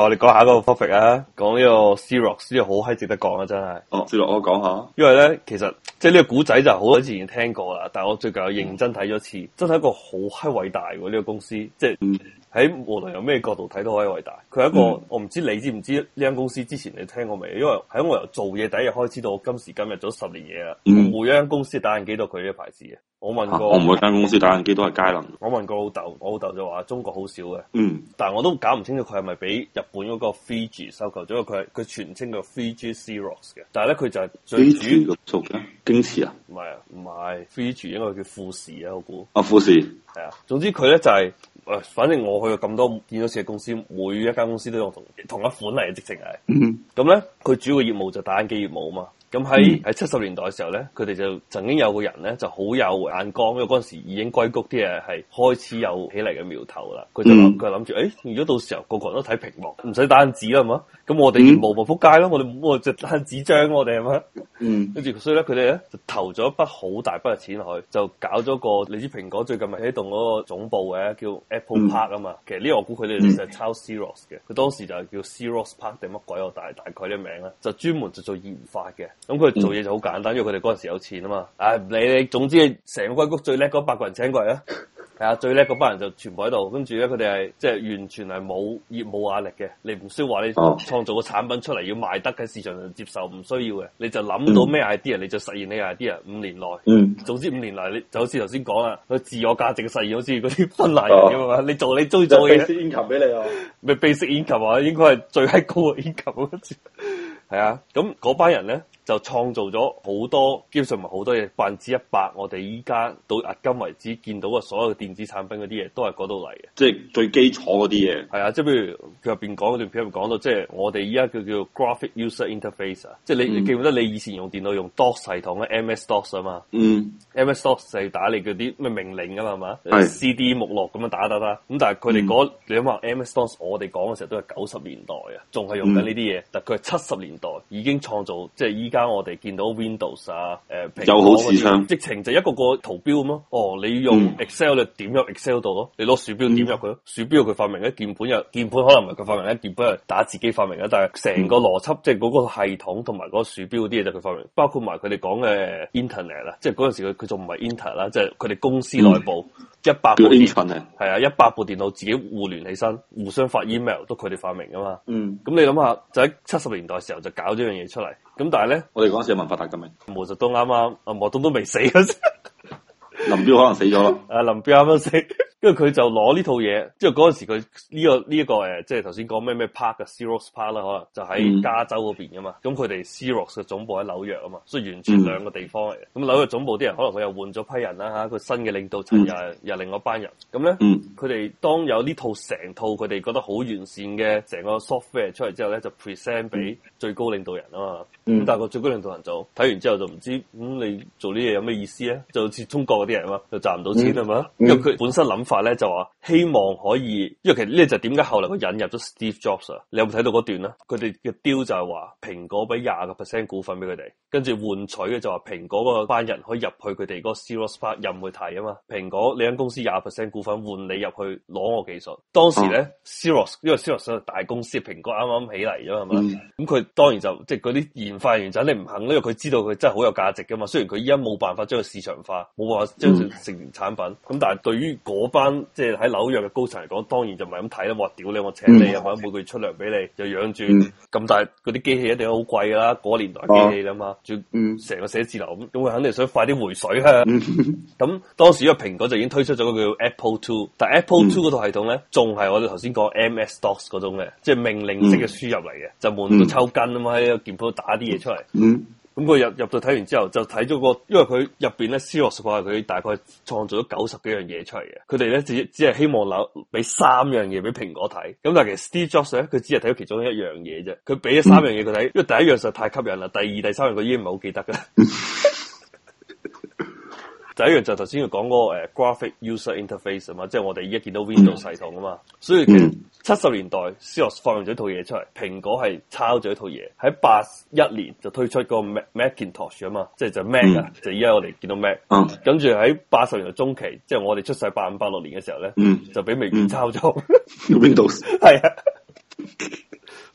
我哋講下嗰個 topic 啊，講呢個 Xerox 呢個好閪值得講啊，真係哦 Xerox，我講下，因為咧其實即係呢個古仔就好多之前聽過啦，但我最近又認真睇咗一次，真係一個好閪偉大喎呢個公司，即係。嗯喺無論有咩角度睇都可以好偉大，佢係一個、嗯、我唔知你知唔知呢間公司之前你聽過未？因為喺我由做嘢第一日開始到我今時今日咗十年嘢啦，嗯、每一間公司打印機都係佢嘅牌子嘅。我問過，啊、我唔係間公司打印機都係佳能。我問個老豆，我老豆就話中國好少嘅。嗯，但係我都搞唔清楚佢係咪俾日本嗰個 Fiji 收購咗？佢佢全稱叫 Fuji Xerox 嘅。但係咧佢就係最主要做矜持啊。唔係，啊，唔係 Fuji 應該叫富士啊，我估。啊，富士，係啊。總之佢咧就係，誒，反正我去咁多建築設計公司，每一間公司都有同同一款嚟嘅，直情係。咁咧、嗯，佢主要業務就打印機業務啊嘛。咁喺喺七十年代嘅時候咧，佢哋就曾經有個人咧，就好有眼光，因為嗰陣時已經硅谷啲嘢係開始有起嚟嘅苗頭啦。佢就佢就諗住，誒、哎，如果到時候個個人都睇屏幕，唔使打紙啦，係嘛？咁我哋無無撲街咯，我哋我就打紙張我，我哋係嘛？嗯，跟住所以咧，佢哋咧就投咗一筆好大筆嘅錢落去，就搞咗個你知蘋果最近咪起動嗰個總部嘅叫 Apple Park 啊嘛、嗯。其實呢，我估佢哋就係抄 Xerox 嘅，佢當時就係叫 Xerox Park 定乜鬼啊？大大概啲名咧，就專門就做研發嘅。咁佢做嘢就好簡單，因為佢哋嗰陣時有錢啊嘛。唉、啊，你你總之，成個硅谷最叻嗰八個人請過嚟啊，係 啊，最叻嗰班人就全部喺度。跟住咧，佢哋係即係完全係冇業務壓力嘅。你唔需要話你創造個產品出嚟要賣得喺市場接受，唔需要嘅，你就諗到咩 idea，你就實現呢 idea。五年內，總之五年內，就好似頭先講啦，佢自我價值嘅實現，好似嗰啲芬蘭人咁啊嘛。你做、啊、你中意做嘢。先，basic income 俾你哦，咪 basic income 啊，應該係最 high 高嘅 income 係啊，咁嗰班人咧就創造咗好多，基本上唔係好多嘢，百分之一百我哋依家到今為止見到嘅所有嘅電子產品嗰啲嘢都係嗰度嚟嘅，即係最基礎嗰啲嘢。係啊，即係譬如佢入邊講嗰段片講到，即係我哋依家叫叫 graphic user interface 啊，即係你你記唔記得你以前用電腦用 DOS 系統嘅 MS DOS 啊嘛，嗯，MS DOS 係打你嗰啲咩命令噶嘛係嘛？CD 目錄咁樣打得啦，咁但係佢哋你諗下 MS DOS 我哋講嘅時候都係九十年代啊，仲係用緊呢啲嘢，但佢係七十年。已經創造，即係依家我哋見到 Windows 啊，誒、呃，又好似直情就一個一個圖標咁咯。哦，你用 Excel，嗯、你點入 Excel 度咯，你攞鼠標點入佢咯。嗯，鼠標佢發明嘅，鍵盤又鍵盤可能唔係佢發明嘅，鍵盤係打字機發明嘅。但係成個邏輯，即係嗰個系統同埋嗰鼠標啲嘢就佢發明，包括埋佢哋講嘅 Internet 啦，即係嗰陣時佢佢仲唔係 Internet 啦，即係佢哋公司內部。嗯一百部機群啊，係啊，一百部電腦自己互聯起身，互相發 email，都佢哋發明噶嘛。嗯，咁你諗下，就喺七十年代時候就搞咗樣嘢出嚟。咁但係咧，我哋嗰陣時有文化大革命，毛澤東啱啱，阿、啊、毛東都未死嗰陣。林彪可能死咗咯，阿、啊、林彪啱啱死，跟住佢就攞呢套嘢，這個這個，即係嗰陣時佢呢個呢一個誒，即係頭先講咩咩 Park 嘅 Xerox Park 啦，可能就喺加州嗰邊噶嘛，咁佢哋 Xerox 嘅總部喺紐約啊嘛，所以完全兩個地方嚟嘅。咁、嗯、紐約總部啲人可能佢又換咗批人啦吓，佢、啊、新嘅領導層、嗯、又又另外一班人，咁、嗯、咧，佢哋、嗯、當有呢套成套佢哋覺得好完善嘅成個 software 出嚟之後咧，就 present 俾最高領導人啊嘛，咁、嗯、但係個最高領導人就睇完之後就唔知，咁、嗯、你做呢嘢有咩意思咧？就好似中國啲。就賺唔到錢係嘛？咁佢、嗯嗯、本身諗法咧就話希望可以，因為其實呢就點解後來佢引入咗 Steve Jobs 啊？你有冇睇到嗰段咧？佢哋嘅 deal 就係話蘋果俾廿個 percent 股份俾佢哋，跟住換取嘅就話蘋果個班人可以入去佢哋嗰個 Xerox Park 任佢睇啊嘛。蘋果你間公司廿 percent 股份換你入去攞我技術，當時咧 Xerox、啊、 因為 Xerox 係大公司，蘋果啱啱起嚟啫嘛，咁佢、嗯嗯嗯、當然就即係嗰啲研發員就你唔肯，因為佢知道佢真係好有價值噶嘛。雖然佢依家冇辦法將佢市場化，冇辦法。將成產品咁，但係對於嗰班即係喺紐約嘅高層嚟講，當然就唔係咁睇啦。哇！屌你，我請你啊，我每個月出糧俾你，就養住咁大嗰啲機器，一定好貴噶啦。嗰年代機器啦嘛，就成個寫字樓咁，咁佢肯定想快啲回水啊。咁、嗯、當時個蘋果就已經推出咗個叫 Apple Two，但係 Apple Two 嗰套系統咧，仲係我哋頭先講 MS DOS 嗰種嘅，即係命令式嘅輸入嚟嘅，嗯、就悶到抽筋嘛，喺、嗯、個鍵盤打啲嘢出嚟。嗯嗯咁佢、嗯嗯、入入到睇完之後，就睇咗個，因為佢入邊咧，Xerox 說佢大概創造咗九十幾樣嘢出嚟嘅。佢哋咧只只係希望留俾三樣嘢俾蘋果睇。咁但係其實 Steve Jobs 咧，佢只係睇咗其中一樣嘢啫。佢俾咗三樣嘢佢睇，嗯、因為第一樣實在太吸引啦。第二、第三樣佢已經唔係好記得㗎。第一樣就頭先佢講嗰個誒、uh，Graphic User Interface 啊嘛，即、就、係、是、我哋而家見到 Windows 系統啊嘛，所以。嗯七十年代 Xerox 放完咗一套嘢出嚟，蘋果係抄咗一套嘢，喺八一年就推出個 Macintosh Mac 啊嘛，即係就，是、就是 Mac 啊，嗯、就依家我哋見到 Mac，跟住喺八十年代中期，即、就、係、是、我哋出世八五八六年嘅時候咧，嗯、就俾微軟抄咗、嗯、 Windows，係啊。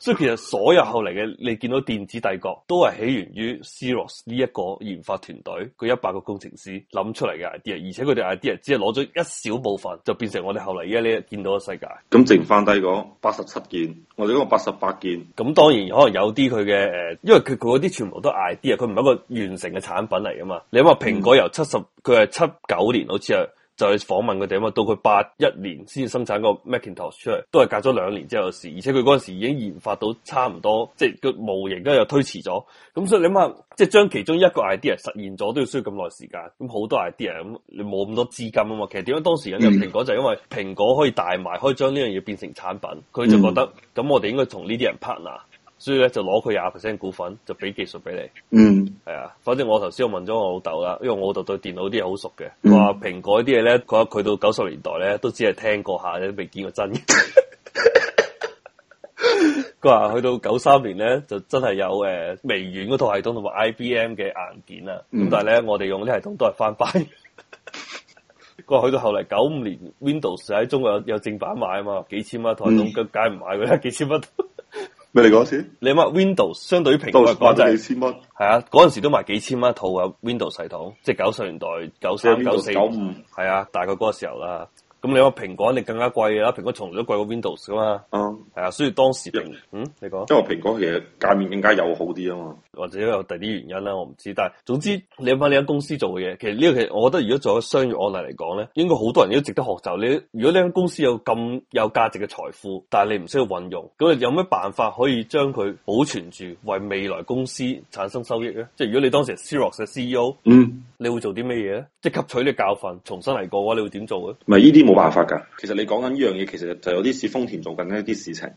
所以其實所有後嚟嘅你見到電子帝國都係起源於 Xerox 呢一個研發團隊佢一百個工程師諗出嚟嘅 idea，而且佢哋 idea 只係攞咗一小部分就變成我哋後嚟而家呢見到嘅世界。咁剩翻低個八十七件，我哋嗰個八十八件。咁當然可能有啲佢嘅誒，因為佢佢嗰啲全部都 idea，佢唔係一個完成嘅產品嚟噶嘛。你話蘋果由七十佢係七九年好似係。就去訪問佢哋啊嘛，到佢八一年先生產個 Macintosh 出嚟，都係隔咗兩年之後嘅事。而且佢嗰陣時已經研發到差唔多，即係個模型都又推遲咗。咁所以你諗下，即係將其中一個 idea 實現咗都要需要咁耐時間。咁好多 idea，咁你冇咁多資金啊嘛。其實點解當時引入蘋果就係因為蘋果可以大賣，可以將呢樣嘢變成產品。佢就覺得咁，嗯、我哋應該同呢啲人 partner。所以咧就攞佢廿 percent 股份，就俾技術俾你。嗯，係啊。反正我頭先我問咗我老豆啦，因為我老豆對電腦啲嘢好熟嘅。佢話蘋果啲嘢咧，佢話佢到九十年代咧都只係聽過下，都未見過真嘅。佢話 去到九三年咧，就真係有誒、呃、微軟嗰套系統同埋 IBM 嘅硬件啦。咁、嗯、但係咧，我哋用啲系統都係翻版。佢 話去到後嚟九五年 Windows 喺中國有有正版買啊嘛，幾千蚊套嘢，梗係唔買佢啦，幾千蚊。咩嚟講先？你話 Windows 相對於蘋果嚟講就係，係啊，嗰陣時都賣幾千蚊一套啊，Windows 系統，即係九十年代九三九四九五，係啊，大概嗰個時候啦。咁你話蘋果，你更加貴啊，蘋果從來都貴過 Windows 噶嘛。啊，係啊，所以當時為嗯，你講？因為蘋果其實界面更加友好啲啊嘛。或者有第啲原因啦，我唔知。但係總之，你諗翻你間公司做嘅嘢，其實呢、這個其實我覺得，如果做咗商業案例嚟講咧，應該好多人都值得學習。你如果你間公司有咁有價值嘅財富，但係你唔需要運用，咁你有咩辦法可以將佢保存住，為未來公司產生收益咧？即係如果你當時係 Xerox 嘅 CEO，嗯你你，你會做啲咩嘢咧？即係吸取啲教訓，重新嚟過嘅話，你會點做咧？唔係呢啲冇辦法噶。其實你講緊呢樣嘢，其實就有啲似豐田做緊一啲事情。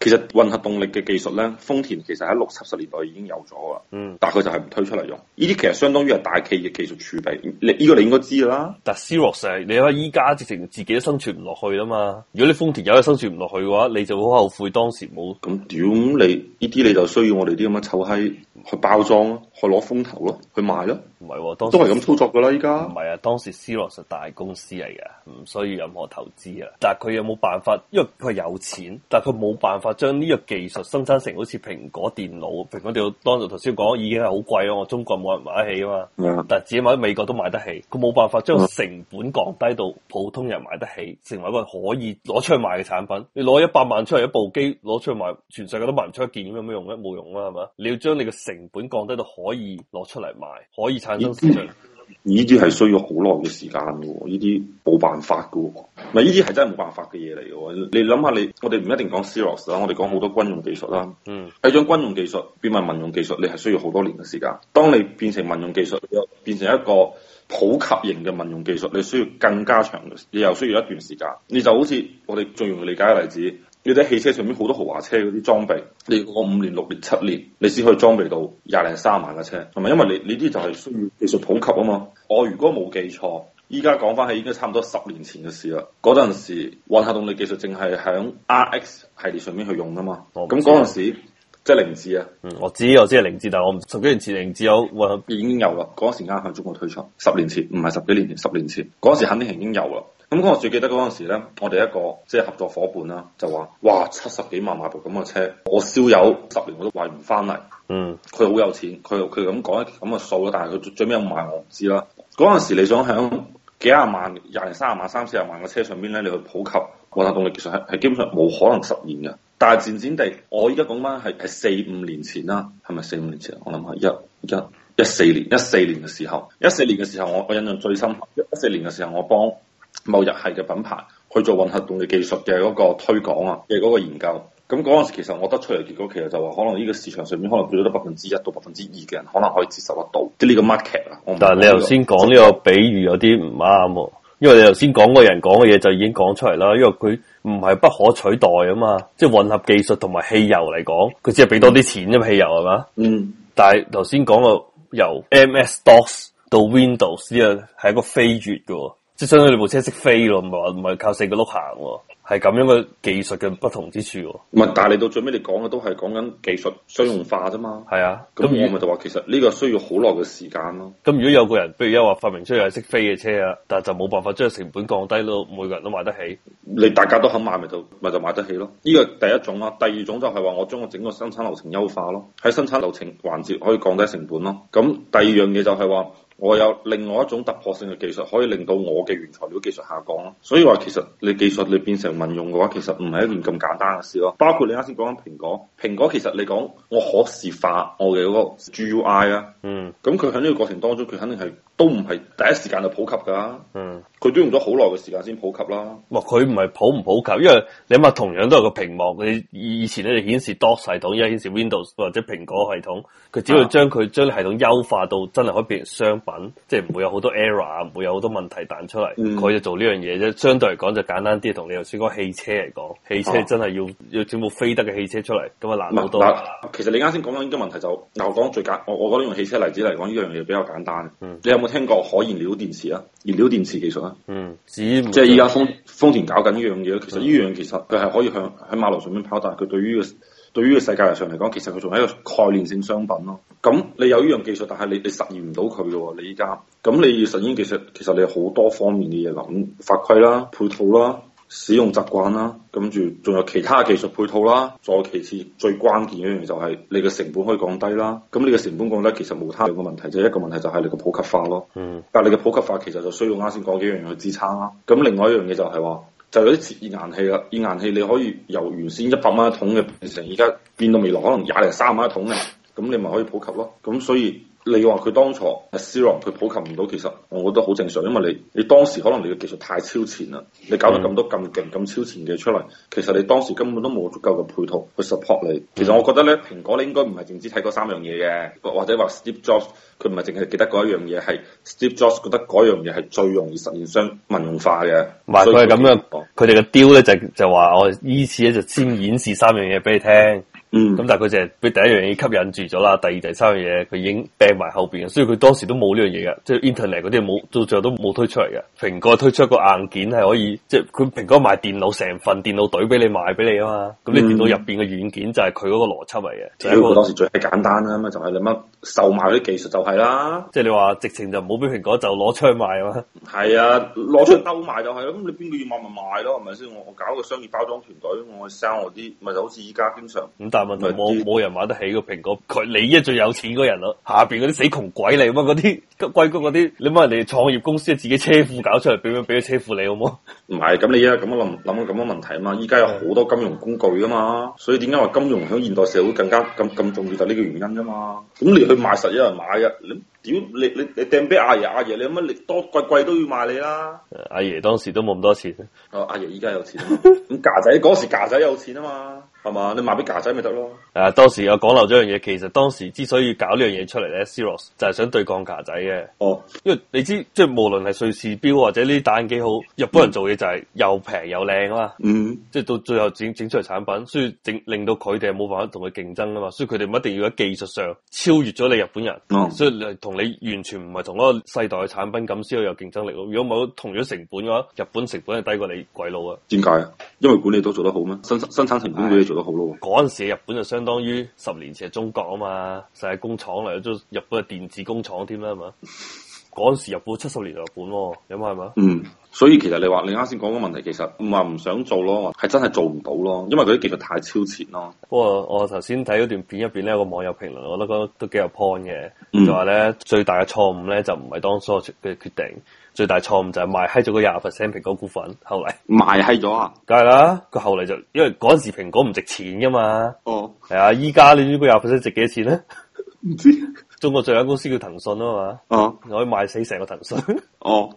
其實混合動力嘅技術咧，豐田其實喺六七十年代已經有咗噶啦。嗯，但係佢就係唔推出嚟用。呢啲其實相當於係大企業嘅技術儲備，你、這、呢個你應該知噶啦。但係 Xerox 你睇下依家直情自己都生存唔落去啦嘛。如果你豐田有一生存唔落去嘅話，你就好後悔當時冇。咁屌。你呢啲你就需要我哋啲咁嘅臭閪去包裝咯，去攞風頭咯，去賣咯。唔係喎，當時都係咁操作嘅啦。依家唔係啊，當時 Xerox 係大公司嚟嘅，唔需要任何投資啊。但係佢有冇辦法？因為佢係有錢，但係佢冇辦法將呢個技術生產成好似蘋果電腦。蘋果電腦當時頭先講已經係好貴咯，我中國冇人買得起啊嘛。Yeah. 但係只係喺美國都買得起，佢冇辦法將成本降低到普通人買得起，成為一個可以攞出去賣嘅產品。你攞一百萬出嚟一部機攞出去賣，全世界都賣唔出一件，有咩用咧？冇用啦，啊，係嘛？你要將你嘅成本降低到可以攞出嚟賣，可以產。呢啲呢係需要好耐嘅時間嘅，呢啲冇辦法嘅，唔係呢啲係真係冇辦法嘅嘢嚟嘅。你諗下，你我哋唔一定講 Xerox 啦，我哋講好多軍用技術啦。嗯，係將軍用技術變為民用技術，你係需要好多年嘅時間。當你變成民用技術，又變成一個普及型嘅民用技術，你需要更加長嘅，你又需要一段時間。你就好似我哋最容易理解嘅例子。要睇汽車上面好多豪華車嗰啲裝備，你我五年六年七年，你先可以裝備到廿零三萬嘅車，同埋因為你呢啲就係需要技術普及啊嘛。我如果冇記錯，依家講翻係應該差唔多十年前嘅事啦。嗰陣時混合動力技術淨係響 RX 系列上面去用啊嘛。咁嗰陣時即係凌志啊，我知我知係凌志，但係我唔十幾年前凌志有混合已經有啦。嗰陣時啱啱喺中國推出，十年前唔係十幾年前，十年前嗰陣時肯定係已經有啦。咁我最記得嗰陣時咧，我哋一個即係合作夥伴啦，就話：，哇，七十幾萬買部咁嘅車，我燒油十年我都買唔翻嚟。嗯，佢好有錢，佢佢咁講咁嘅數咯，但係佢最屘有冇賣我唔知啦。嗰陣時你想響幾廿萬、廿零、卅萬、三四十萬嘅車上邊咧，你去普及渦輪動力技術，係係基本上冇可能實現嘅。但係漸漸地，我而家講翻係係四五年前啦，係咪四五年前？我諗係一一一,一四年，一四年嘅時候，一四年嘅時候，我我印象最深刻，一四年嘅時候我幫。某日係嘅品牌去做混合動力技術嘅嗰個推廣啊，嘅、那、嗰個研究，咁嗰陣時其實我得出嚟結果，其實就話可能呢個市場上面可能最多百分之一到百分之二嘅人可能可以接受得到，即係呢個 market 啊。但係你頭先講呢個比喻有啲唔啱，因為你頭先講嘅人講嘅嘢就已經講出嚟啦，因為佢唔係不可取代啊嘛，即係混合技術同埋汽油嚟講，佢只係俾多啲錢啫嘛，汽油係嘛？嗯。但係頭先講個由 MS DOS 到 Windows 呢，係一個飛躍噶。即係相當於你部車識飛咯，唔係靠四個轆行，係咁樣嘅技術嘅不同之處。唔係，但係你到最尾，你講嘅都係講緊技術商用化啫嘛。係啊，咁那 後我咪就話其實呢個需要好耐嘅時間咯。咁如果有個人，譬如一話發明出嚟係識飛嘅車啊，但係就冇辦法將成本降低到每個人都買得起，你大家都肯買咪就咪就買得起咯。呢、這個第一種啦、啊，第二種就係話我將我整個生產流程優化咯，喺生產流程環節可以降低成本咯。咁第二樣嘢就係話。我有另外一種突破性嘅技術，可以令到我嘅原材料技術下降，所以話其實你技術你變成民用嘅話，其實唔係一件咁簡單嘅事咯。包括你啱先講緊蘋果，蘋果其實你講我可視化我嘅嗰個 GUI 啊，嗯，咁佢喺呢個過程當中，佢肯定係。都唔係第一時間就普及噶、啊，嗯，佢都用咗好耐嘅時間先普及啦。佢唔係普唔普及，因為你諗同樣都係個屏幕，你以前咧就顯示 Dos 系統，依家顯示 Windows 或者蘋果系統，佢只要將佢將系統優化到真係可以變成商品，即係唔會有好多 error，唔會有好多問題彈出嚟，佢、嗯、就做呢樣嘢啫。相對嚟講就簡單啲，同你頭先講汽車嚟講，汽車真係要、啊、要整部飛得嘅汽車出嚟咁啊難好多。其實你啱先講緊呢個問題就，我講最簡，我我覺得用汽車例子嚟講呢樣嘢比較簡單。嗯，你有冇？我聽過可燃料電池啊，燃料電池技術啊，嗯，即係依家豐豐田搞緊依樣嘢，其實呢樣其實佢係可以向喺馬路上面跑，但係佢對於個對於個世界嚟上嚟講，其實佢仲係一個概念性商品咯。咁你有呢樣技術，但係你你實現唔到佢嘅喎，你依家咁你要實現技術，其實你有好多方面嘅嘢諗，法規啦，配套啦。使用習慣啦，跟住仲有其他技術配套啦，再其次最關鍵一樣就係你嘅成本可以降低啦。咁你嘅成本降低其實冇他有兩個問題，就一個問題就係你個普及化咯。嗯，但係你嘅普及化其實就需要啱先講幾樣嘢去支撐啦。咁另外一樣嘢就係話，就係有啲熱燃氣啦，熱燃氣你可以由原先一百蚊一桶嘅變成而家變到未來可能廿零三十蚊一桶嘅，咁你咪可以普及咯。咁所以。你話佢當初 Siri 佢、um、普及唔到，其實我覺得好正常，因為你你當時可能你嘅技術太超前啦，你搞到咁多咁勁咁超前嘅出嚟，其實你當時根本都冇足夠嘅配套去 support 你。嗯、其實我覺得咧，蘋果你應該唔係淨止睇嗰三樣嘢嘅，或者話 Steve Jobs 佢唔係淨係記得嗰一樣嘢，係 Steve Jobs 覺得嗰樣嘢係最容易實現商民用化嘅。咪佢係咁樣，佢哋嘅雕咧就就話我依次就先演示三樣嘢俾你聽。嗯，咁但係佢淨係俾第一樣嘢吸引住咗啦，第二第三樣嘢佢已經掟埋後邊，所以佢當時都冇呢樣嘢嘅，即係 internet 嗰啲冇，到最後都冇推出嚟嘅。蘋果推出個硬件係可以，即係佢蘋果賣電腦成份電腦隊俾你賣俾你啊嘛，咁你電腦入邊嘅軟件就係佢嗰個邏輯嚟嘅，即係佢當時最係簡單啊嘛，咁就係、是、你乜售賣嗰啲技術就係啦，嗯、即係你話直情就唔好俾蘋果就攞出去賣嘛、嗯、 啊，係啊、就是，攞出去兜賣就係咁你邊個要賣咪賣咯，係咪先？我我搞個商業包裝團隊，我 sell 我啲咪就好似依家經常但問題冇冇人買得起個蘋果，佢你一最有錢嗰人咯，下邊嗰啲死窮鬼嚟嘛？嗰啲貴國嗰啲，你幫人哋創業公司自己車庫搞出嚟，俾俾個車庫你好唔好？唔係，咁你而家咁樣諗諗咁樣問題啊嘛？依家有好多金融工具啊嘛，所以點解話金融喺現代社會更加咁咁重要？就呢個原因啫嘛。咁你去買，實買，實有人買嘅。屌你你你掟俾阿爺阿爺，你有乜力？多貴貴都要賣你啦！阿、啊、爺當時都冇咁多錢，阿、啊、爺依家有錢。咁架 仔嗰時架仔有錢啊嘛，係嘛？你賣俾架仔咪得咯？誒、啊，當時我講漏咗樣嘢，其實當時之所以搞呢樣嘢出嚟咧 Xerox 就係想對抗架仔嘅。哦，因為你知，即係無論係瑞士表或者呢啲打印機好，日本人做嘢就係又平又靚啊嘛。嗯，嗯，即係到最後整整出嚟產品，所以整令到佢哋冇辦法同佢競爭啊嘛，所以佢哋唔一定要喺技術上超越咗你日本人。嗯、所以你同。你完全唔係同嗰個世代嘅產品咁先要有競爭力咯。如果冇同樣成本嘅話，日本成本係低過你鬼佬啊。點解啊？因為管理都做得好咩？生生產成本管理做得好咯。嗰陣、哎、呀時日本就相當於十年前嘅中國啊嘛，世界工廠嚟，都日本嘅電子工廠添啦，係嘛？ 嗰時日本七十年代本咯，有冇係咪？嗯，所以其實你話你啱先講個問題，其實唔係唔想做咯，係真係做唔到咯，因為佢啲技術太超前咯。不過我頭先睇嗰段片入邊咧，有個網友評論，我都覺，覺得都幾有 point 嘅，嗯，就話咧最大嘅錯誤咧就唔係當初嘅決定，最大錯誤就係賣閪咗嗰廿 percent 蘋果股份，後嚟賣閪咗啊！梗係啦，佢後嚟就因為嗰陣時蘋果唔值錢噶嘛。哦，係啊，依家你知個廿 percent 值幾多錢咧？唔知。中國最間公司叫騰訊咯嘛，我、啊、可以賣死成個騰訊，哦，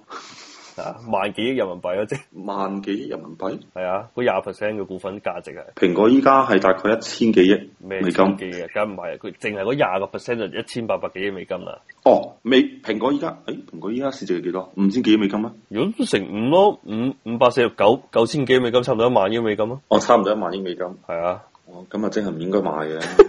啊萬幾億人民幣啊，即萬幾億人民幣，係啊，嗰廿 percent 嘅股份價值啊。蘋果依家係大概一千幾億美金，幾啊？梗唔係，佢淨係嗰廿個 percent 就一千八百幾億美金啦。哦，美，蘋果依家，誒，蘋果依家市值係幾多？五千幾億美金啊？如果成五咯，五五百四十九九千幾億美金，差唔多一萬億美金啊。哦，差唔多一萬億美金，係啊。哦，咁啊，即係唔應該賣嘅。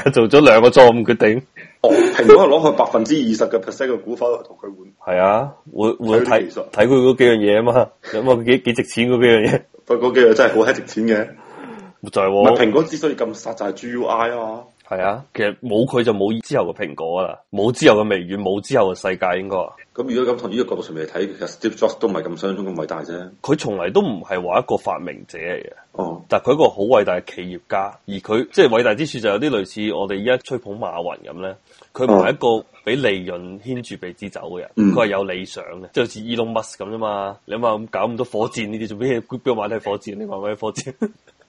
做咗兩個錯誤決定，哦，蘋果係攞佢百分之二十嘅 percent 嘅股份去同佢換，係 啊，換換睇睇佢嗰幾樣嘢啊嘛，諗下 幾 幾值錢嗰幾樣嘢，不過幾樣真係好閪值錢嘅。唔係蘋果之所以咁殺就係 GUI 啊，係啊，其實冇佢就冇之後嘅蘋果啦，冇之後嘅微軟，冇之後嘅世界應該。咁如果咁從呢個角度上面嚟睇，其實 Steve Jobs 都唔係咁想象中咁偉大啫。佢從來都唔係話一個發明者嚟嘅，哦，但係佢一個好偉大嘅企業家，而佢即係偉大之處就有啲類似我哋依家吹捧馬雲咁咧。佢唔係一個俾利潤牽住鼻子走嘅人，佢係、嗯、有理想嘅，即係好似 Elon Musk 咁啫嘛。你話咁搞咁多火箭、火箭，你哋做咩？標買都係火箭，你話咩火箭？